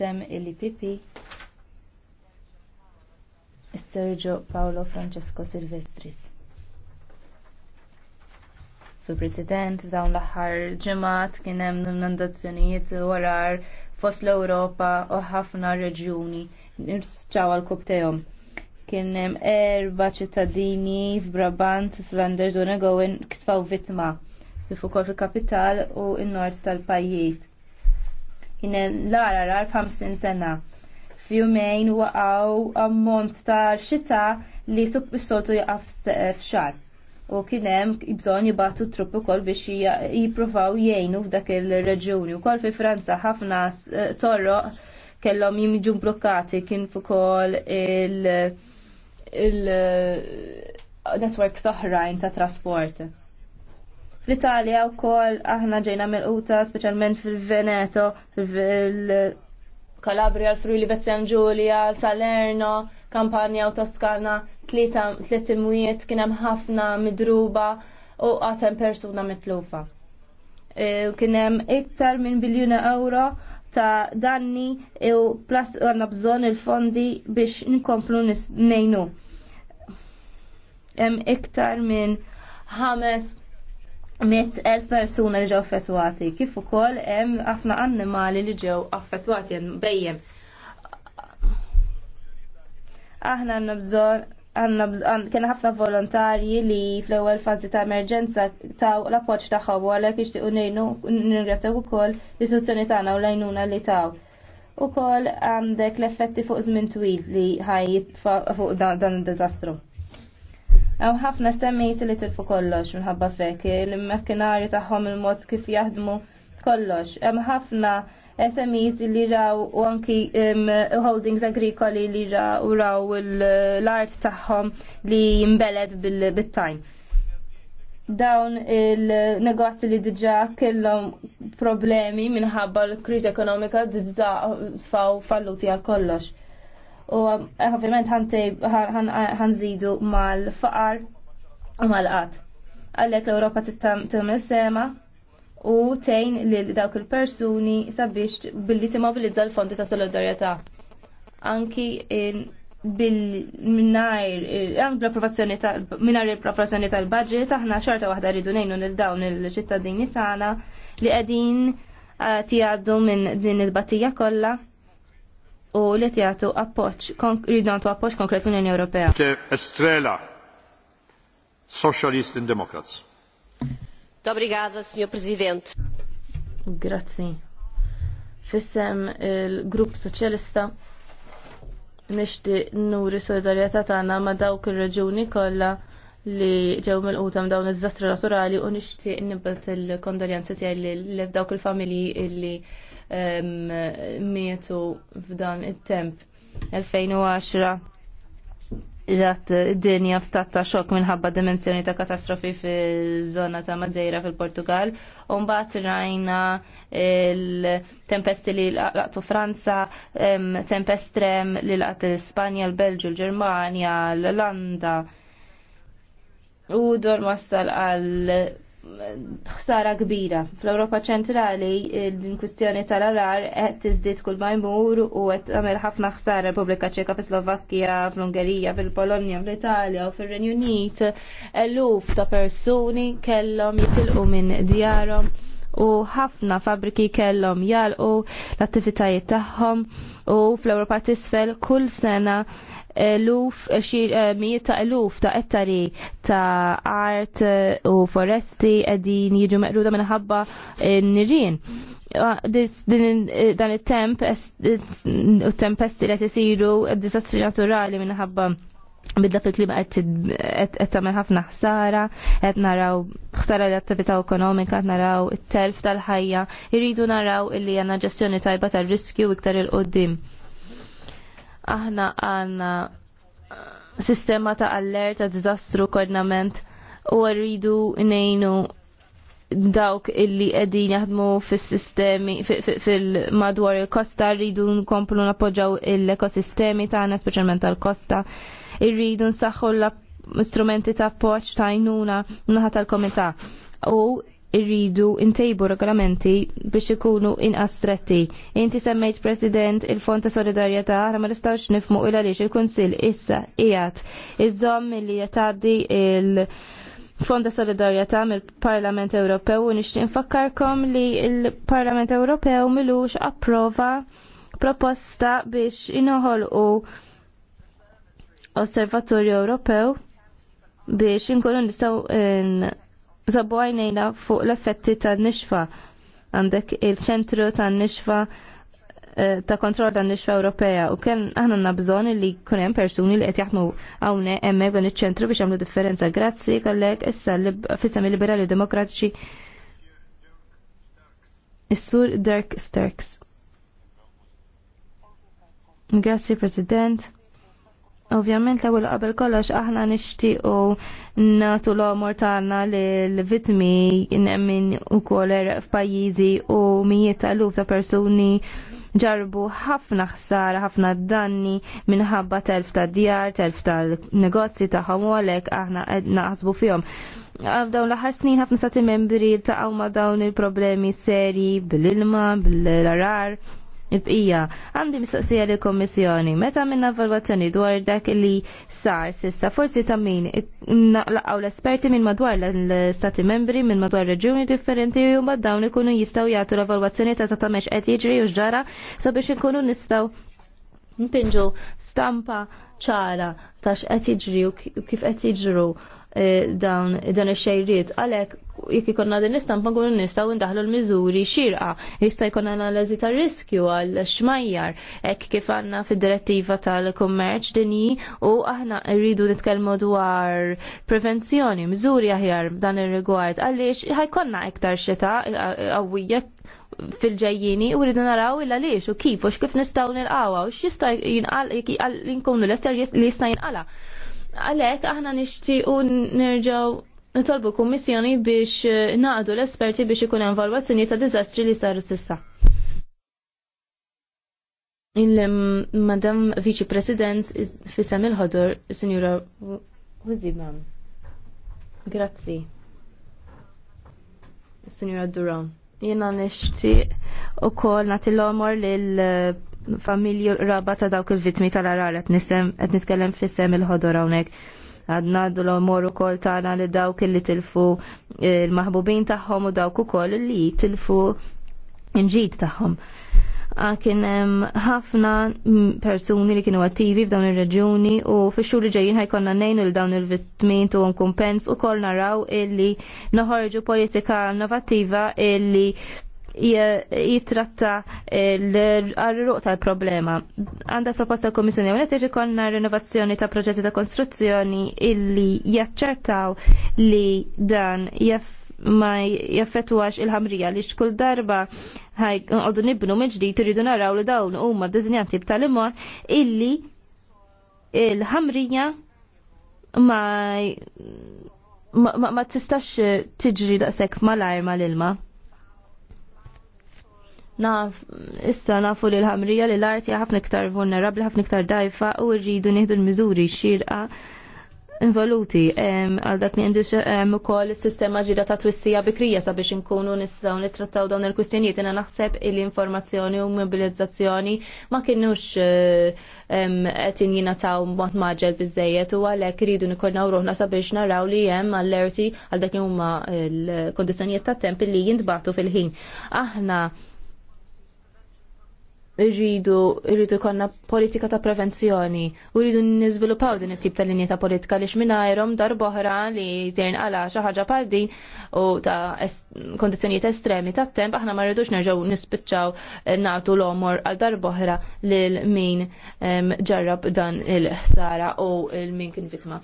sem il-PP Sergio Paolo Francesco Silvestris. Su President, dawn l-aħħar ġemat kien hemm inundazzjonijiet warar fost l-Ewropa u ħafna reġjuni nirċaw għal-kub Kien hemm erba' ċittadini f'Brabant, f'Landers anders u Negowen kisfaw vittma kif ukoll fil-kapital u n-nord tal-pajjiż jine l-ara għar 50 sena. Fjumejn għaw ammont ta' xita li s-sotu jaqaf eh, f'xar. U kienem jibżon jibatu truppu kol biex jiprofaw jgħinu f'dak il-reġuni. U kol fi Franza ħafna eh, torro kellhom jimġu blokkati kien fuq il- il-network eh, soħrajn ta' trasport. Fl-Italja u kol aħna ġejna mill-Uta, specialment fil-Veneto, fil-Kalabria, l-Fruli, Vezzan Giulia, Salerno, Kampania u Toskana, tliet imwiet kienem ħafna midruba u għatem persuna mitlufa. E, kienem iktar minn biljuna euro ta' danni u plus għanna bżon il-fondi biex nkomplu nejnu. Hemm iktar minn ħames mit elf persuna li ġew affettwati, kif ukoll hemm ħafna annimali li ġew affettwati bejjem. Aħna għandna bżonn għanna bżon, kena ħafna volontarji li fl-ewwel fażi ta' emerġenza taw l-appoġġ tagħhom u għalhekk ixtiequ ngħinu nirgrazzjaw ukoll l-istituzzjoni tagħna u l-għajnuna li taw. Ukoll għandek l-effetti fuq żmien twil li ħajjit fuq dan id-diżastru. Hemm ħafna stemmijiet li tilfu kollox minħabba fek, il-makkinarju tagħhom il-mod kif jaħdmu kollox. Hemm ħafna SMEs li raw u anki holdings agrikoli li raw, raw l-art tagħhom li jimbeled bil-tajn. Dawn il-negozji li diġa kellhom problemi minħabba l-kriżi ekonomika diġa sfaw falluti għal kollox u eh, ovvjament ħanżidu mal-faqar u mal-qat. Għallek l-Europa tittamil sema u tejn li dawk il-persuni sabiex billi timobilizza l-fondi ta' solidarjetà. Anki bil-minnajr, għank bl ta' minnajr il-approvazzjoni tal-budget, aħna xorta wahda rridu nejnu nil-dawn il-ċittadini tagħna li qegħdin eh, tijaddu minn din il battija kollha u li jagħtu appoġġ jridantu appoġġ konkret l-Unjoni Ewropea. Estrela, Socialist and Democrats. Dobrigada, Signor President. Grazzi. Fissem il-Grupp Soċjalista nixti nuri solidarjetà tagħna ma' dawk ir-reġuni kollha li ġew mill-qutam dawn iż-żastri naturali u nixtieq nibgħat il-kondoljanzi tiegħi lil dawk il-familji illi mietu f'dan it-temp 2010 ġat id-dinja f'stat ta' xok minħabba dimensjoni ta' katastrofi fil-zona ta' Madeira fil-Portugal. Umbat rajna il-tempesti li laqtu Franza, tempestrem li laqtu l-Spanja, l-Belġu, l-Germania, l-Olanda. U dor massal għal ħsara kbira. Fl-Europa ċentrali l-kwistjoni tal-arar qed tiżdied kull ma jmur u qed tagħmel ħafna ħsara Repubblika Ċeka fis-Slovakkja, fl-Ungerija, fil-Polonja, fl-Italja u fir-Renju Unit. Eluf ta' persuni kellhom jitilqu minn djarhom u ħafna fabriki kellhom jalqu l-attivitajiet tagħhom u fl europa tisfel kull sena eluf, eh, eh, mijiet ta' eluf ta' ettari ta' art eh, u foresti edin jiġu meqruda minħabba n-nirien. Ah, dan il-temp, u tempesti li t il disastri naturali minħabba Bidda fil-klima qed tagħmel ħafna ħsara, qed naraw ħsara l-attività ekonomika, qed naraw it-telf tal-ħajja, irridu naraw illi għandna ġestjoni tajba tar-riskju iktar il-qoddim. Aħna għandna sistema ta' allert, ta' diżastru, koordinament u rridu ngħinu dawk illi qegħdin jaħdmu fis-sistemi fil-madwar il-kosta rridu nkomplu nappoġġaw l-ekosistemi tagħna speċjalment tal-kosta. tal kosta irridu nsaħħu l-istrumenti ta' appoġġ ta' għajnuna naħa tal-komità u irridu ntejbu regolamenti biex ikunu inqas Inti semmejt President il-Fond ta' Solidarjetà ma nistgħux nifmu il għaliex il-Kunsill issa qiegħed iżomm li jtaddi il- fonda Solidarjetà mill-Parlament Ewropew u nixtieq infakkarkom li l-Parlament Ewropew milux approva proposta biex inoħolqu osservatorju Ewropew biex inkunu nistgħu eh, nżabu għajnejna fuq l-effetti ta' nixfa Għandek il-ċentru tan-nixfa eh, ta' kontroll ta' nixfa Ewropea u kien aħna għandna bżonn li jkun hemm persuni li qed jaħdmu hawnhekk hemmhekk dan iċ-ċentru biex jagħmlu differenza. Grazzi kollek issa fissami liberali u demokratiċi Is-sur Dirk Sterks. Grazzi President. Ovvjament l-ewwel qabel kollox aħna nixtiequ nagħtu l-omor tagħna lill vittmi nemmin ukoll f'pajjiżi u mijiet taluf ta' persuni ġarbu ħafna ħsara, ħafna danni minħabba telf ta' djar, telf ta' negozji ta' għalhekk aħna qed naħsbu fihom. Dawn l-aħħar snin ħafna stati membri ta' ma' dawn il-problemi seri bil-ilma, bil-arar, il-bqija. Għandi mistoqsija li kommissjoni, meta minna evalwazzjoni dwar dak li sar sissa, forsi ta' min naqlaqaw l-esperti minn madwar l-stati membri, minn madwar reġuni differenti u mbagħad dawn ikunu jistgħu jagħtu l-valwazzjoni ta' ta' meċ qed jiġri u x'ġara sabiex ikunu nistgħu npinġu stampa ċara ta' xqet jiġri u kif qed jġru. Eh, dawn dan ix-xejriet għalhekk jekk ikonna din nistampa nkunu nistgħu ndaħlu l-miżuri xirqa jista' jkun analiżi ta' riskju għal xmajjar hekk kif għandna fid-direttiva tal-kummerċ dinji u aħna rridu nitkellmu dwar prevenzjoni, miżuri aħjar dan ir-rigward għaliex ħajkonna iktar xita qawwija eh, fil-ġejjini u rridu naraw illa għaliex u kif u x'kif nistgħu nilqawha u x'jista' jinqal jinkunu l-ester li jista' jinqala. Għalek, aħna u nirġaw nitolbu kummissjoni biex eh, naqdu l-esperti biex ikun evalwazzjoni ta' dizastri li saru sissa. Il-Madam Vice President fisem il-ħodur, Signora Huziman. Grazzi. Signora Duran. Jena nixtieq u kol natil-omor lil eh, familji raba ta' dawk il-vitmi tal-arar qed nitkellem fissem il-ħodor hawnhekk għadna l moru kol tana li dawk li tilfu il-maħbubin taħħom u dawk u kol li tilfu nġid taħħom. Ah, kien ħafna persuni li kienu attivi f'dawn ir-reġjuni u fix li ġejjin ħajkonna nejnu l dawn il-vittmin tuhom kumpens u kol naraw illi noħorġu politika innovattiva illi jitratta l arruq tal-problema. Għanda proposta l-Komissjoni għunet irri konna rinnovazzjoni ta' proġetti ta' konstruzzjoni illi jaċċertaw li dan jaff ma jaffetwax il-ħamrija li xkull darba ħaj għoddu nibnu meġdi irridu naraw li dawn u ma dizinjanti b'tal-imon illi il-ħamrija ma ma, ma, ma tistax tiġri daqsek mal-arma l-ilma naf issa nafu li l-ħamrija li l-arti ħafna iktar vulnerabli, ħafna iktar dajfa u rridu nieħdu l-miżuri xirqa involuti għal dak li għandix ukoll is-sistema ġira ta' twissija bikrija sabiex inkunu nistgħu nittrattaw dawn il-kwistjonijiet inna naħseb il-informazzjoni u mobilizzazzjoni ma kinux eh, qed taw mod maġel biżejjed u għalhekk iridu nikkollnaw ruħna sabiex naraw li hemm allerti għal dak li huma l-kondizzjonijiet tat-temp li jintbagħtu fil-ħin. Aħna rridu rridu konna politika ta' prevenzjoni u rridu niżviluppaw din it-tip ta' linja ta' politika li xminajrom darboħra li tern għala ħaġa bħal din u ta' est estremi ta' temp aħna ma rridux nerġgħu nispiċċaw eh, nagħtu l-omor għal darboħra lil min ġarrab dan il-ħsara u l-min kien vittma.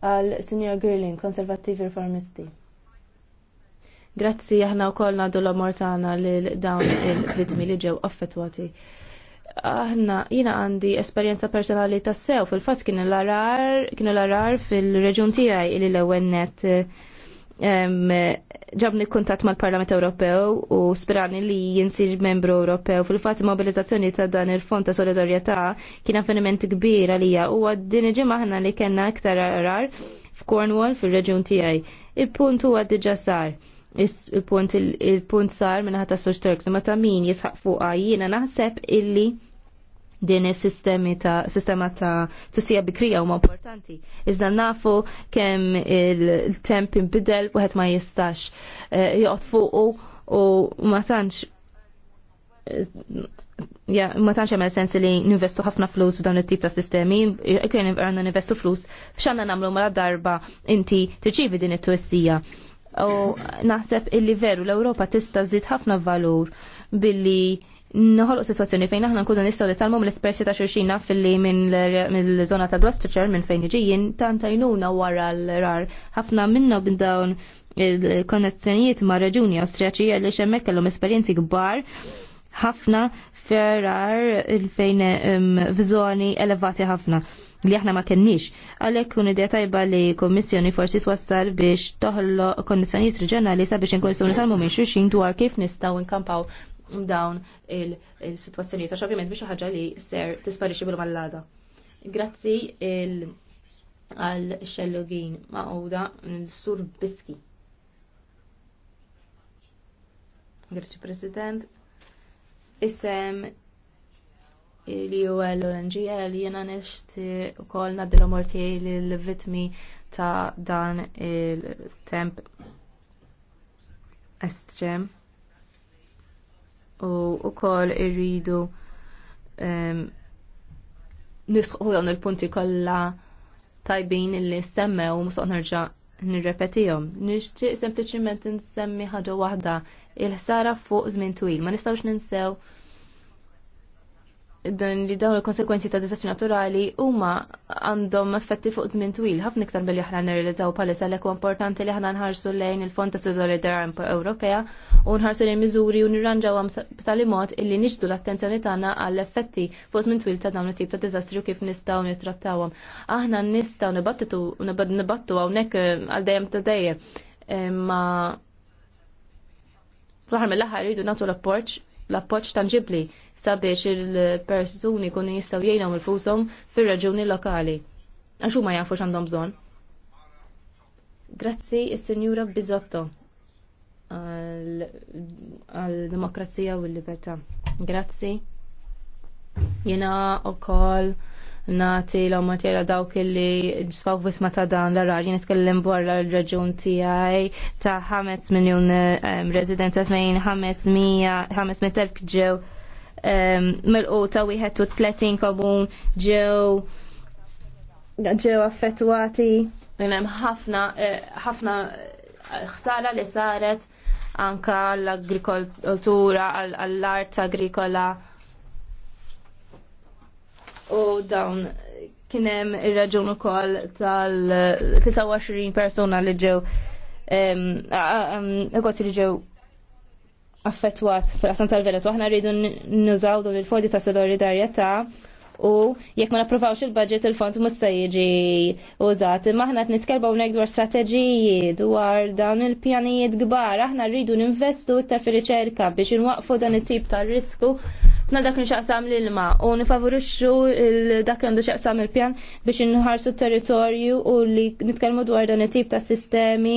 Għal Senior Girling, konservativi reformisti. Grazzi aħna wkoll kolna dolla Mortana lil dawn il-vitmi li ġew affettwati aħna jina għandi esperjenza personali ta' sew fil-fatt kien l-arar kien fil-reġun tiegħi li l-ewwel net ġabni kuntat mal-Parlament Ewropew u sperani li jinsir membru Ewropew. Fil-fatt mobilizzazzjoni ta' dan il-Fond ta' Solidarjetà kien avveniment kbir għalija u għaddin ġimgħa aħna li kellna iktar arar f'Cornwall fil-reġun tiegħi. Il-punt huwa diġà sar il-punt il sar minna ħata soċ Turks ma ta' min jisħaq fuqa jiena naħseb illi din is-sistemi ta' sistema ta' tussija bikrija huma importanti. Iżda nafu kemm il-temp inbidel wieħed ma jistax eh, joqgħod fuq u ma tantx eh, ja, ma tantx hemm sens li ninvestu ħafna flus f'dan it-tip ta' sistemi, iktar għandna ninvestu flus f'xanna nagħmlu mala darba inti tirċivi din it-twissija u naħseb illi veru l-Ewropa tista' żid ħafna valur billi noħolq sitwazzjoni fejn aħna nkunu nistgħu nitalmu mill-esperti ta' xulxina filli mill-żona ta' Gloucester minn fejn iġijin tantajnuna wara l-rar ħafna minna bin dawn il-konnezzjonijiet ma' reġuni Awstrijaċi għaliex hemmhekk kellhom esperjenzi kbar ħafna ferrar il-fejn f'żoni elevati ħafna li aħna ma kenniex. Għalhekk kun idea tajba li kommissjoni forsi twassal biex toħlo kondizzjonijiet reġjonali sabiex inkorsu tal minn xulxin dwar kif nistgħu nkampaw dawn il-sitwazzjonijiet għax ovvjament biex ħaġa li ser tisparixxi bil-mallada. Grazzi il- għal xellugin maqoda l-sur Biski. Grazie President. Isem li u l-ONGL jena nishti u kol naddil morti li l-vitmi ta' dan il-temp estrem u u kol irridu ehm, nisħu dawn il-punti kolla tajbin li semmew musoq nerġa' nirrepetihom. Nixtieq sempliċement insemmi ħaġa waħda il-ħsara fuq żmien twil. Ma nistgħux ninsew dan li dawn il-konsekwenzi ta' disastri naturali huma għandhom effetti fuq żmien twil ħafna iktar billi aħna nirrealizzaw palissa l importanti li aħna nħarsu lejn il-Fond ta' Solidarità Ewropea u nħarsu lejn miżuri u nirranġaw b'tali mod illi nixdu l-attenzjoni tagħna għall effetti fuq żmien twil ta' dawn it-tip ta' diżastri u kif nistgħu nittrattawhom. Aħna nistgħu nibattitu nibattu hawnhekk eh, għal dejjem ta' dejjem eh, ma fl-aħħar mill-aħħar jridu nagħtu l-apporġ l-appoġġ tanġibli sabiex il-persuni kunu jistgħu jgħinhom il-fushom fir-raġuni lokali. Għax huma jafu x'għandhom bżonn. Grazzi il senjura Bizotto għal-demokrazija u l-libertà. Grazzi. Jena u koll nati l matjera dawk illi ġisfaw visma ta' dan l-arar jien itkellem borra l-raġun tiegħi ta' 5 miljun residenta fejn 500,000 ġew mill-quta wieħed u 30 komun ġew ġew affettwati hemm ħafna eh, ħafna eh, ħsara li saret anka l-agrikoltura, għall-art agrikola u dawn kienem ir-raġun ukoll tal 20 persona li ġew negozji li ġew affettwat fil-qasam tal-velet u aħna rridu nużaw dawn il-fodi ta' solidarieta u jekk ma napprovawx il-budget il-fond mhux se jiġi użat. Imma aħna qed nitkellmu hawnhekk dwar strateġiji dwar dawn il-pjanijiet kbar, aħna rridu ninvestu iktar fir-riċerka biex inwaqfu dan it-tip tar-risku Na dak nxaqsam l-ilma u nifavorixxu dak għandu xaqsam il-pjan biex inħarsu territorju u li nitkellmu dwar dan it-tip ta' sistemi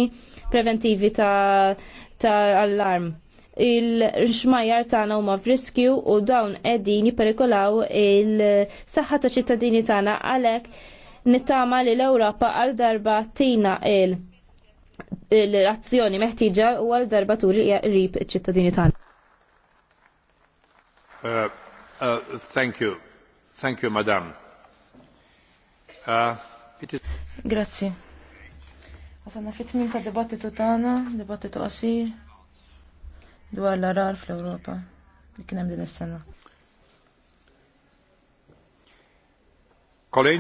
preventivi ta', ta allarm il-xmajjar tagħna huma f'riskju u dawn qegħdin jipperikolaw il-saħħa ta' ċittadini tagħna għalhekk nittama li l-Ewropa għal darba tina il- l-azzjoni meħtieġa u għal darba turi qrib iċ-ċittadini tagħna. Uh, uh, uh Għasanna fit min ta' dibattitu tagħna, dibattitu qasir dwar l-arar fl europa Kien hemm din s sena Kolejni